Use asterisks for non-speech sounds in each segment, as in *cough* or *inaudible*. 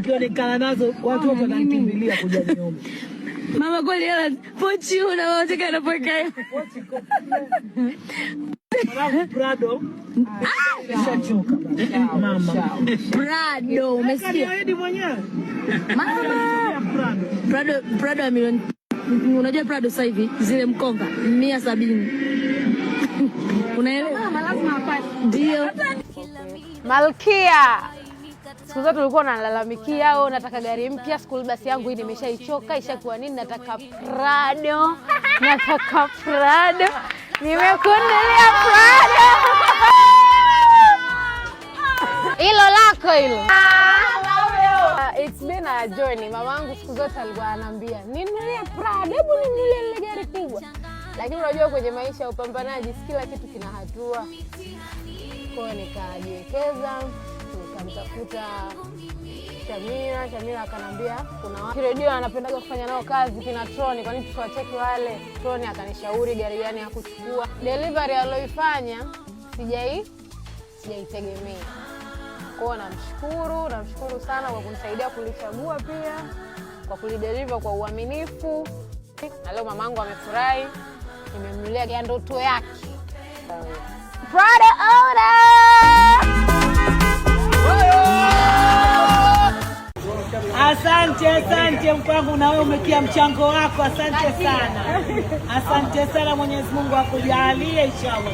Nikionekana nazo watu wote wananikimbilia kuja niombe. Mama kweli hela pochi unawataka anapokea. Prado. Ah! Nishachoka. Mama. Prado umesikia? Hadi mwenyewe. Mama. Prado Prado ya milioni unajua Prado sasa hivi zile mkonga 170. Unaelewa? Mama lazima apate. Ndio. Malkia siku zote ulikuwa unalalamikia au oh, nataka gari mpya, school basi yangu hii nimeshaichoka, ishakuwa nini, nataka Prado, *laughs* nataka Prado, nimekununulia Prado. *laughs* Hilo lako hilo. Ah, it's been a journey. Mamangu siku zote alikuwa ananiambia ninunulie Prado, hebu ninunulie ile gari kubwa, lakini unajua kwenye maisha ya upambanaji kila kitu kina hatua, kwa nikajiwekeza kumtafuta Shamira. Shamira akanambia kuna kiredio anapendaga kufanya nao kazi kina Troni, kwa nini tukawacheki wale. Troni akanishauri gari gani ya kuchukua. Delivery aliyoifanya sijai sijaitegemea kwao. Namshukuru, namshukuru sana kwa kunisaidia kulichagua, pia kwa kulideliver kwa uaminifu, na leo mamangu amefurahi, nimemlea ndoto yake Prada owner Asante, asante mkwangu, na wewe umekia mchango wako. Asante sana, asante sana. Mwenyezi Mungu akujalie inshallah.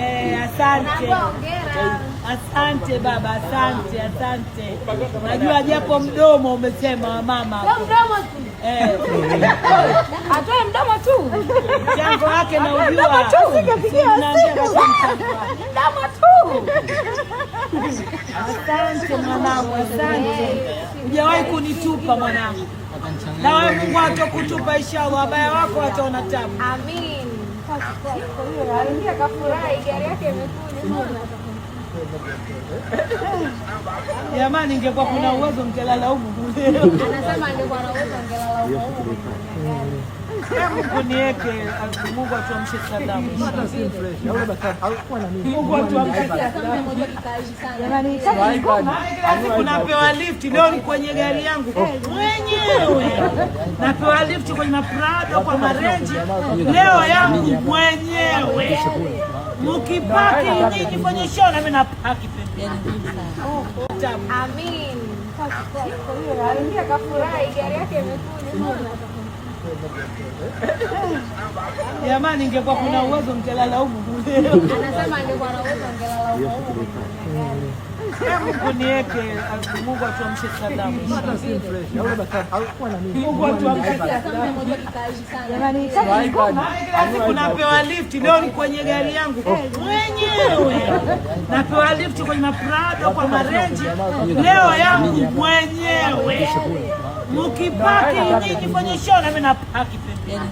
Eh, asante, asante baba, asante, asante. Najua japo mdomo umesema mama eh. atoe mdomo tu mchango wake, na ujua mdomo tu Asante mwanangu, asante. Hujawahi kunitupa mwanangu, na wewe Mungu hatakutupa inshallah. Wabaya wako wataona tabu. Amin. Kafurahi, gari yake imekuja. *laughs* Jamani, ingekuwa kuna uwezo mgelala huku kule. Anasema angekuwa na uwezo angelala huku. Mungu nieke, Mungu atuamshe Saddam. Mungu atuamshe Saddam. Jamani, kunapewa lifti leo, ni kwenye gari yangu mwenyewe napewa lifti kwenye maprado kwa marenji leo yangu mwenyewe mkipaki nyinyi kwenye show na mimi napaki pembeni. Amin. gari yake imekuja. *laughs* Jamani, ingekuwa kuna uwezo mtalala huku kule. Anasema angekuwa na uwezo angelala huku. Ah, siku napewa lifti, leo kwenye gari yangu mwenyewe, napewa lifti kwenye maprado kwa marenji, leo yangu mwenyewe mkipaki nyinyi kwenye shona, mimi napaki pembeni.